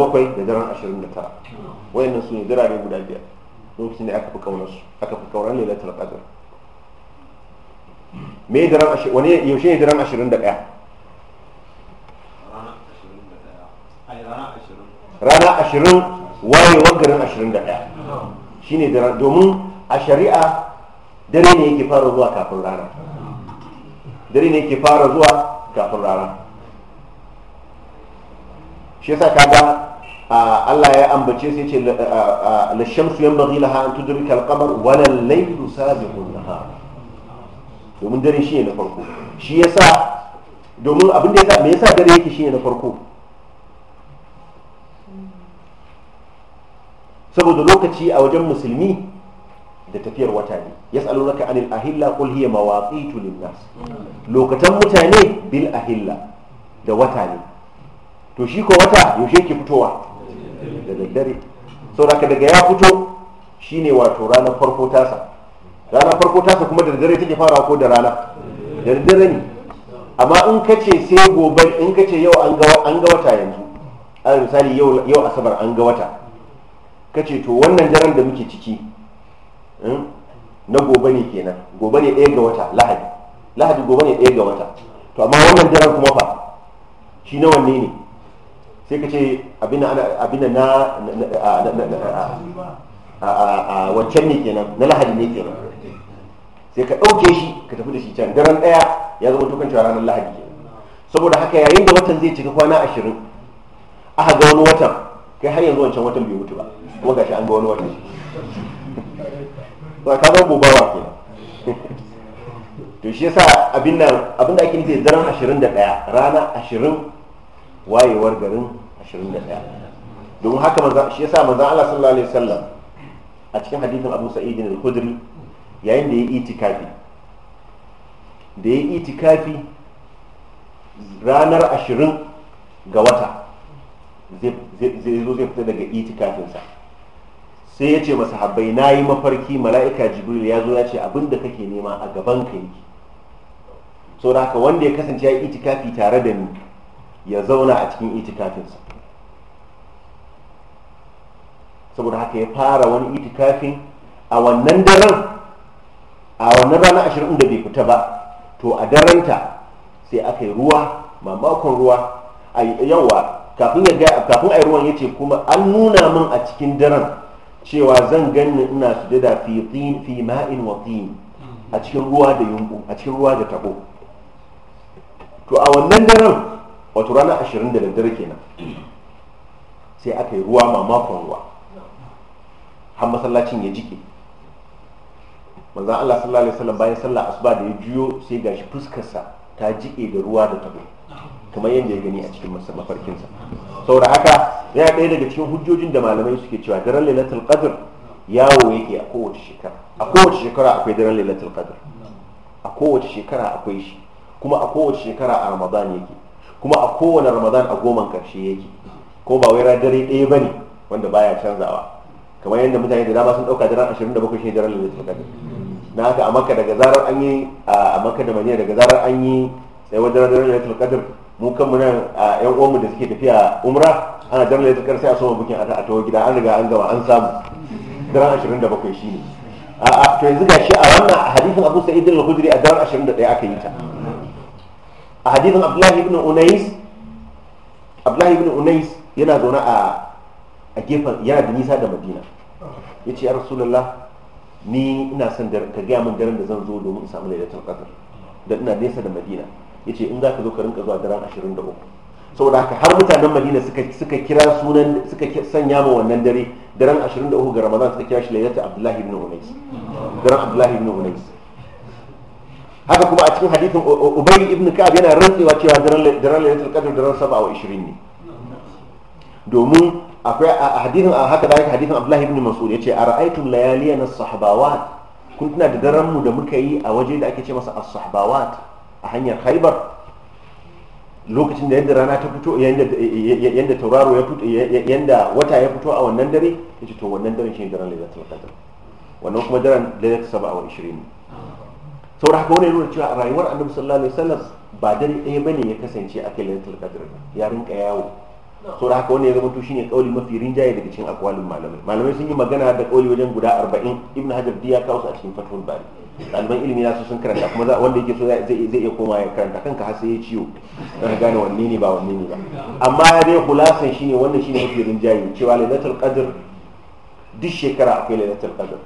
daren wayannan su ne birane guda biyar lokacin da aka fi kaunar su aka fi kaunar ne lailatul qadr me daren wani yaushe ne daren 21 rana 20 wayewar garin 21 shine daren domin a shari'a dare ne yake fara zuwa kafin rana dare ne yake fara zuwa kafin rana shi yasa kaga Allah ya ambace sai ce la shamsu yanbaghi laha an tudrika al-qamar wa la laylu sabiqun domin dare shi ne na farko shi yasa domin abin da sa me yasa dare yake shi ne na farko saboda lokaci a wajen musulmi da tafiyar wata ne yas'alunaka anil ahilla qul hiya mawaqitu lin-nas lokatan mutane bil ahilla da wata ne to shi ko wata yaushe ke fitowa daddare saboda daga ya fito shine wato ranar farko tasa ranar farko tasa kuma da dare take fara ko da rana da dare ne amma in ka ce sai gobe in ka ce yau an ga wata yanzu alal misali yau asabar an ga wata ka ce to wannan daren da muke ciki hmm, na gobe ne kenan gobe ne ɗaya ga wata lahadi lahadi gobe ne ɗaya ga wata to amma wannan daren kuma fa shi na wanne ne sai ka ce abin na wancan ne kenan na lahadi ne kenan sai ka ɗauke shi ka tafi da shi can daren ɗaya ya zama tukan cewa ranar lahadi kenan saboda haka yayin da watan zai cika kwana ashirin aka ga wani watan kai har yanzu wancan watan bai mutu ba kuma gashi an ga wani watan ba ka zama gobawa kenan to shi yasa abin da ake nufi daren ashirin da ɗaya rana ashirin wayewar garin 21 don haka shi yasa manzo Allah sallallahu alaihi wasallam a cikin hadithin Abu Sa'id al-Khudri yayin da ya yi itikafi da ya yi itikafi ranar 20 ga wata zai zo zai fita daga itikafinsa sai yace ce habbai na yi mafarki mala'ika jibril ya zo ya ce abin kake nema a gaban ka yi saboda haka wanda ya kasance ya yi itikafi tare da ni ya zauna a cikin itikafinsa saboda haka ya fara wani itikafin a wannan daren a wannan rana ashirin da bai fita ba to a darenta sai aka yi ruwa mamakon ruwa a yawa kafin ya kafin a yi ruwan ya ce kuma an nuna min a cikin daren cewa zan gani ina sujada fi ma'in wa a cikin ruwa da yunku a cikin ruwa da tabo to a wannan daren wato rana ashirin da daddare kenan sai aka yi ruwa mamakon ruwa har masallacin ya jike manzo allah sallallahu alaihi wasallam bayan sallah asuba da ya juyo sai gashi fuskarsa ta jike da ruwa da tabo kamar yadda ya gani a cikin mafarkinsa saboda haka yana ɗaya daga cikin hujjojin da malamai suke cewa daren lailatul qadr yawo yake a kowace shekara a kowace shekara akwai daren lailatul qadr a kowace shekara akwai shi kuma a kowace shekara a ramadan yake kuma a kowane ramadan a goman karshe yake ko ba wai dare ɗaya ba ne wanda baya canzawa kamar yadda mutane da dama sun ɗauka daren ashirin da bakwai shi daren lalatul qadr na haka a maka daga zarar an yi a maka da madina daga zarar an yi sai wajen daren lalatul qadr mu kanmu nan a yan uwanmu da suke tafiya umra ana daren lalatul qadr sai a soma bukin a tawo gida an riga an gama an samu daren ashirin da bakwai shi ne a to yanzu gashi a wannan hadisin abu sa'idin al hudri a daren ashirin da ɗaya aka yi ta a hadithin abdullahi ibn unais abdullahi ibn unais yana zaune a a gefen yana da nisa da madina ya ce ya rasulullah ni ina son ka gaya min daren da zan zo domin in samu lailatul qadr da ina nesa da madina ya ce in za ka zo ka rinka zuwa daren 23 saboda haka har mutanen madina suka kira sunan suka sanya ma wannan dare daren 23 ga ramadan suka kira shi lailatul abdullahi ibn unais daren abdullahi ibn unais haka kuma a cikin hadithin ubayi ibn ka'ab yana rantsewa cewa daren laylatul qadr daren 27 ne domin akwai a hadithin a haka da hadithin abdullahi ibn mas'ud yace ara'aytum layaliyan as sahabawat kun tuna da daren mu da muka yi a waje da ake ce masa as sahabawat a hanyar khaybar lokacin da yadda rana ta fito yadda tauraro ya fito yadda wata ya fito a wannan dare yace to wannan daren shi daren laylatul qadr wannan kuma daren laylatul 27 ne saboda haka wani nuna cewa a rayuwar annabi sallallahu alaihi wasallam ba dare ɗaya bane ya kasance a kai lailatul ya rinka yawo saboda haka wani ya zama to shine kauli mafi rinjaye daga cikin akwalin malamai malamai sun yi magana da kauli wajen guda 40 ibnu hajar diya kawo su a cikin fathul bari ɗaliban ilimi na su sun karanta kuma wanda yake so zai iya koma ya karanta kanka har sai ya ciwo don gane wanne ne ba wanne ne ba amma ya dai hulasan shine wannan shine mafi rinjaye cewa lailatul qadr duk shekara akwai lailatul qadr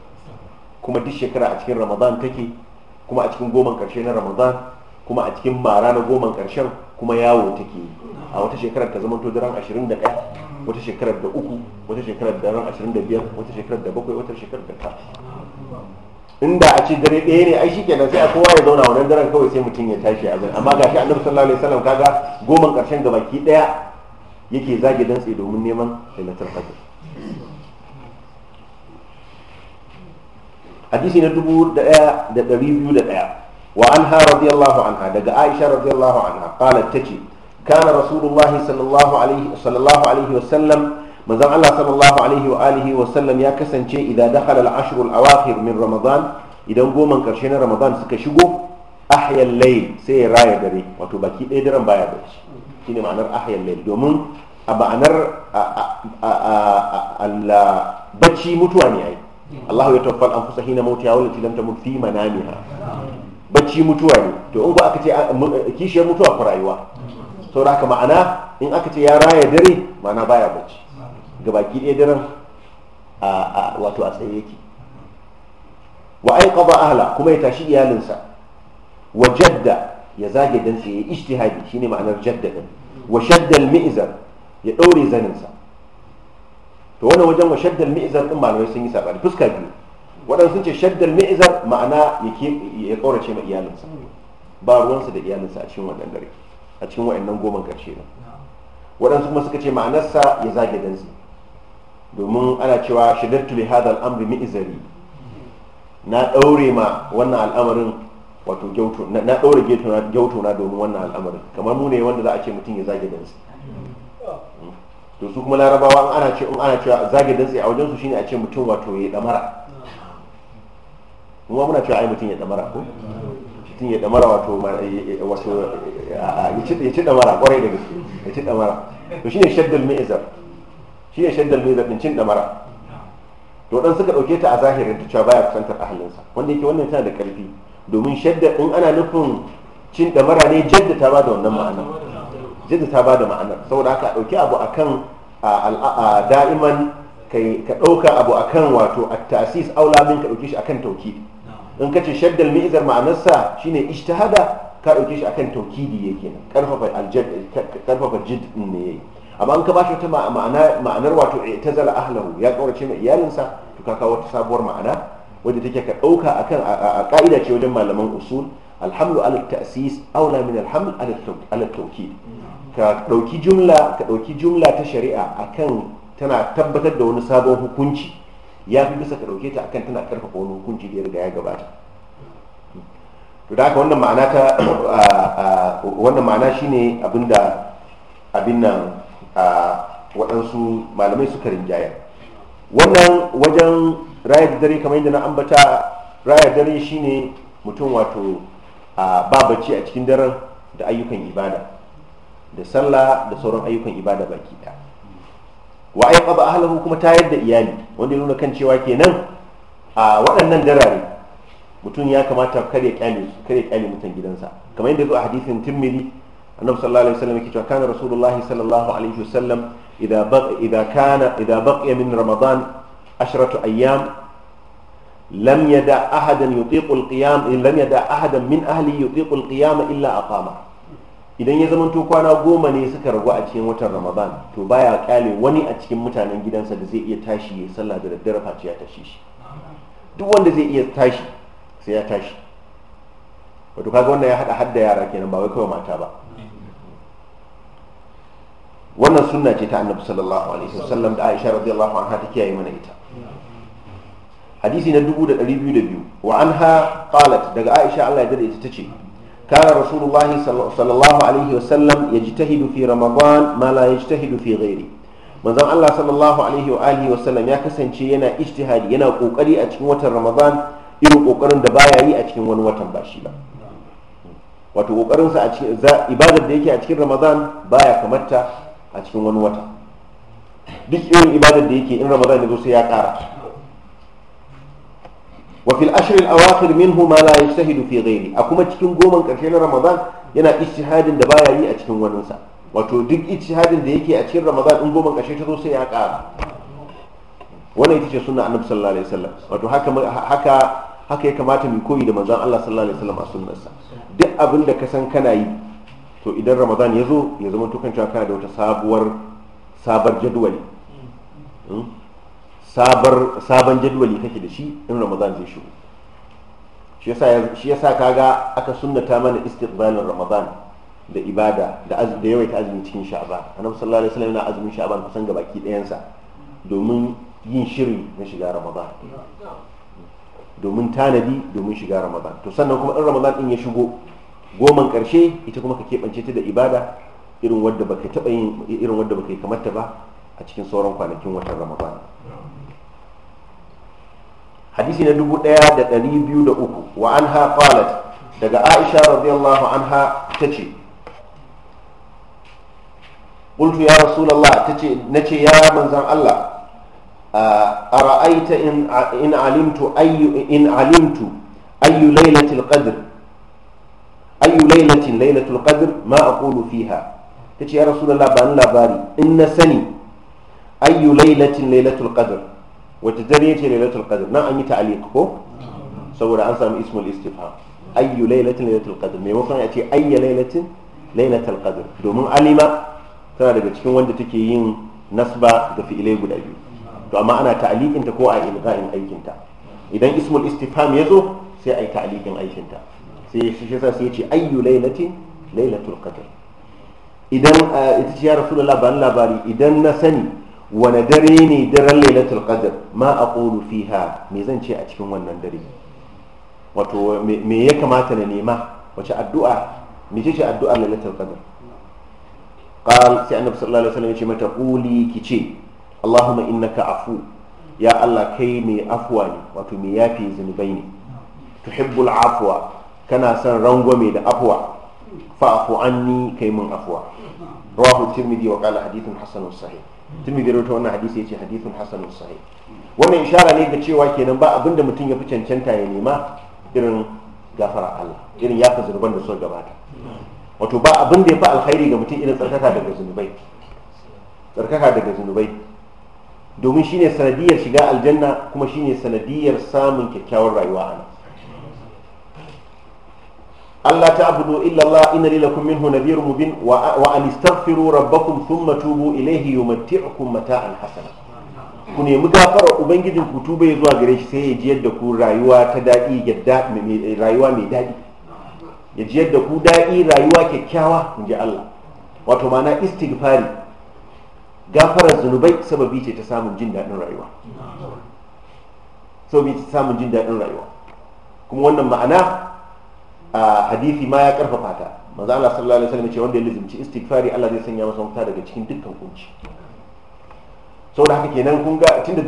kuma duk shekara a cikin ramadan take kuma a cikin goman karshe na ramadan kuma a cikin mara na goman karshen kuma yawo take yi a wata shekarar ta zama to daren 21 wata shekarar da uku wata shekarar da ran 25 wata shekarar da bakwai wata shekarar da tara inda a ce dare ɗaya ne ai shi kenan sai a kowa ya zauna wannan daren kawai sai mutum ya tashi a zai amma gashi annabi sallallahu alaihi wasallam kaga goman karshen gabaki daya yake zage dantse domin neman lailatul qadr hadisi na dubu da ɗaya da ɗari biyu da ɗaya wa anha radiyallahu anha daga aisha radiyallahu anha qalat tace kana rasulullahi sallallahu alaihi sallallahu alaihi wa sallam manzon Allah sallallahu alaihi wa alihi wa sallam ya kasance idan dakhala al-ashr al-awakhir min ramadan idan goman karshe na ramadan suka shigo ahya al-layl sai ya raya dare wato baki ɗaya daren baya bacci shine ma'anar ahya al-layl domin a ma'anar bacci mutuwa ne ai Allahu ya tabbal an kusa, hina mautiya wallati lam tamut fi manamiha bacci mutuwa ne to in ba aka ce kishiyar mutuwa ko rayuwa saboda ma'ana in aka ce ya raya dare ma'ana baya bacci gabaki ɗaya daren a wato a tsaye yake wa aiqaba ahla kuma ya tashi iyalinsa wa jadda ya zage dan sai ya ijtihadi shine ma'anar jadda din wa shadda al-mi'zar ya daure zaninsa to wani wajen wa shaddal mi'izar din malamai sun yi sabani fuska biyu waɗansu sun ce shaddal mi'izar ma'ana ya kaurace ma iyalinsa ba ruwansa da iyalinsa a cikin wannan dare a cikin wa'annan goman karshe ne waɗansu kuma suka ce ma'anarsa ya zage dansa domin ana cewa shaddattu li hadha al-amri mi'zari na ɗaure ma wannan al'amarin wato gyauto na ɗaure gyauto na domin wannan al'amarin kamar mu ne wanda za a ce mutum ya zage dansa hmm. to su kuma larabawa ana ce in ana cewa zage dantse a wajen su shine a ce mutum wato ya damara kuma muna cewa ai mutum ya damara ko mutum ya damara wato wato ya ci damara kwarai da gaske ya ci damara to shine shaddal mi'zar shine shaddal mi'zar din cin damara to dan suka dauke ta a zahirin ta cewa baya kusantar ahalinsa wanda yake wannan tana da karfi domin shaddal in ana nufin cin damara ne jaddata ba da wannan ma'ana jidda ta ba da ma'anar saboda haka ɗauki abu akan da'iman ka ɗauka abu kan wato a tasis aula min ka ɗauki shi kan tauki in ka ce shaddal mi'izar ma'anarsa shine ishtahada ka ɗauke shi akan taukidi yake nan karfafa aljad karfafa jid ne yayi amma in ka shi wata ma'anar wato i'tazal ahlahu ya kaurace mai iyalinsa to ka kawo wata sabuwar ma'ana wadda take ka ɗauka kan a ka'ida ce wajen malaman usul alhamdu ala ta'sis aula min alhamdu ala tawkid ka ɗauki jumla ka ɗauki jumla ta shari'a akan tana tabbatar da wani sabon hukunci ya fi bisa ka ɗauke ta akan tana ƙarfafa wani hukunci da ya riga ya gabata to da haka wannan ma'ana ta [COUGHS] wannan ma'ana shine abinda abin nan waɗansu malamai suka rinjaya wannan wajen da dare kamar yadda na ambata rayar dare shine mutum wato ba bacci a cikin daren da ayyukan ibada da sallah da sauran ayyukan ibada baki ɗaya wa ayqaba ahlahu kuma tayar da iyali wanda ya nuna kan cewa kenan a waɗannan darare mutum ya kamata kar ya kyale kar kyale mutan gidansa kamar yadda zo a hadisin Tirmidhi annabi sallallahu alaihi wasallam yake cewa kana rasulullahi sallallahu alaihi wasallam idza baqa idza kana idza baqiya min ramadan ashratu ayyam lam yada ahadan yutiqu alqiyam lam yada ahadan min ahli yutiqu alqiyam illa aqama idan ya zamanto kwana goma ne suka ragu a cikin watan ramadan to baya kyale wani a cikin mutanen gidansa da zai iya tashi ya sallah da daddare face ya tashi shi duk wanda zai iya tashi sai ya tashi wato kaga wannan ya hada hadda yara kenan ba wai kawai mata ba wannan sunna ce ta annabi sallallahu alaihi wasallam da aisha radiyallahu anha ta kiyaye mana ita hadisi na 2202 wa anha qalat daga aisha Allah ya dade ita tace كان رسول الله صلى الله عليه وسلم يجتهد في رمضان ما لا يجتهد في غيره من ذا الله صلى الله عليه وآله وسلم يا كسن ينا اجتهاد ينا قوقري أتكين وتر رمضان إنه قوقرن دبايا يي أتكين ون وتر باشيبا wato kokarinsa a cikin ibadar da yake a cikin ramadan baya kamata a cikin wani wata duk irin ibadar da yake in ramadan ya zo sai ya kara wa fil ashr al awakhir minhu ma la yajtahidu fi ghairi a kuma cikin goman karshe na ramadan yana ijtihadin da baya yi a cikin wannan sa wato duk ijtihadin da yake a cikin ramadan in goman karshe ta zo sai ya kara wannan ita ce sunna annabi sallallahu alaihi wasallam wato haka haka haka ya kamata mu koyi da manzon Allah sallallahu alaihi wasallam a sa duk abin da ka san kana yi to idan ramadan ya zo ya zama tukan cewa kana da wata sabuwar sabar jadwali hmm? sabon jadwali kake da shi in ramadan zai shigo shi yasa kaga aka sunnata mana istiqbalin ramadan da ibada da da yawaita azumin cikin sha'ban annabi sallallahu alaihi wasallam yana azumin sha'ban kusan ga baki ɗayansa domin yin shiri na shiga ramadan domin tanadi domin shiga ramadan to sannan kuma in ramadan din ya shigo goman karshe ita kuma ka keɓance ta da ibada irin wadda baka taɓa yin irin wadda ba a cikin sauran kwanakin watan ramadan hadisi na dubu da da biyu uku wa ha qalat daga aisha radiyallahu anha ce qultu ya rasulullah na ce ya manzan Allah ara'aita in in alimtu ayyu in alimtu ayyu lailatul qadr ayyu lailatin lailatul qadr ma aqulu fiha ce ya rasulullah ba ni labari in na sani ayyu lailatin lailatul qadr wata dare ce lailatul qadr nan an yi ta'liq ko saboda an samu ismul istifham ayyu lailatul lailatul qadr maimakon a ce ayya lailatin lailatul qadr domin alima tana daga cikin wanda take yin nasba ga fi'ilai guda biyu to amma ana ta'liqin ta ko a ilga'in aikin ta idan ismul istifham yazo sai ai ta'liqin aikin ta sai shi yasa sai yace ayyu lailatin lailatul qadr idan eh, ita ce ya rasulullah ban labari idan na sani wani dare ne daren lailatul qadr ma aqulu fiha me zan ce a cikin wannan dare wato me ya kamata na nema wace addu'a me ce ce addu'a lailatul qadr qal sai annabi sallallahu alaihi wasallam ya ce mata quli kice allahumma innaka afu ya allah kai mai afwa ne wato mai yafi zunubai ne tuhibbul afwa kana son rangwame da afwa fa'fu anni kai mun afwa rawahu tirmidhi wa qala hadithun hasanun sahih tirmidhi rawaito wannan hadisi yace hadithun hassan sahih wannan ishara ne ga cewa kenan ba abinda mutum ya fi cancanta ya nema irin gafara Allah irin ya fi zurban da suka gabata wato ba abinda ya fi alkhairi ga mutum irin tsarkaka daga zunubai tsarkaka daga zunubai domin shine sanadiyar shiga aljanna kuma shine sanadiyar samun kyakkyawar rayuwa a nan ألا تعبدوا إلا الله إنني لكم منه نذير مبين وأن استغفروا ربكم ثم توبوا إليه يمتعكم متاعا حسنا ku nemi gafarar ubangijin ku tuba ya zuwa gare shi sai ya jiyar da ku rayuwa ta daɗi rayuwa mai daɗi ya jiyar da ku daɗi rayuwa kyakkyawa in ji Allah wato mana istighfari gafarar zunubai sababi ce ta samun jin sababi ce ta samun jin daɗin rayuwa kuma wannan ma'ana hadisi ma ya karfafa ta manzo Allah sallallahu alaihi wasallam ce wanda ya lizimci istighfari Allah zai sanya masa mafita daga cikin dukkan kunci saboda haka kenan kun ga tunda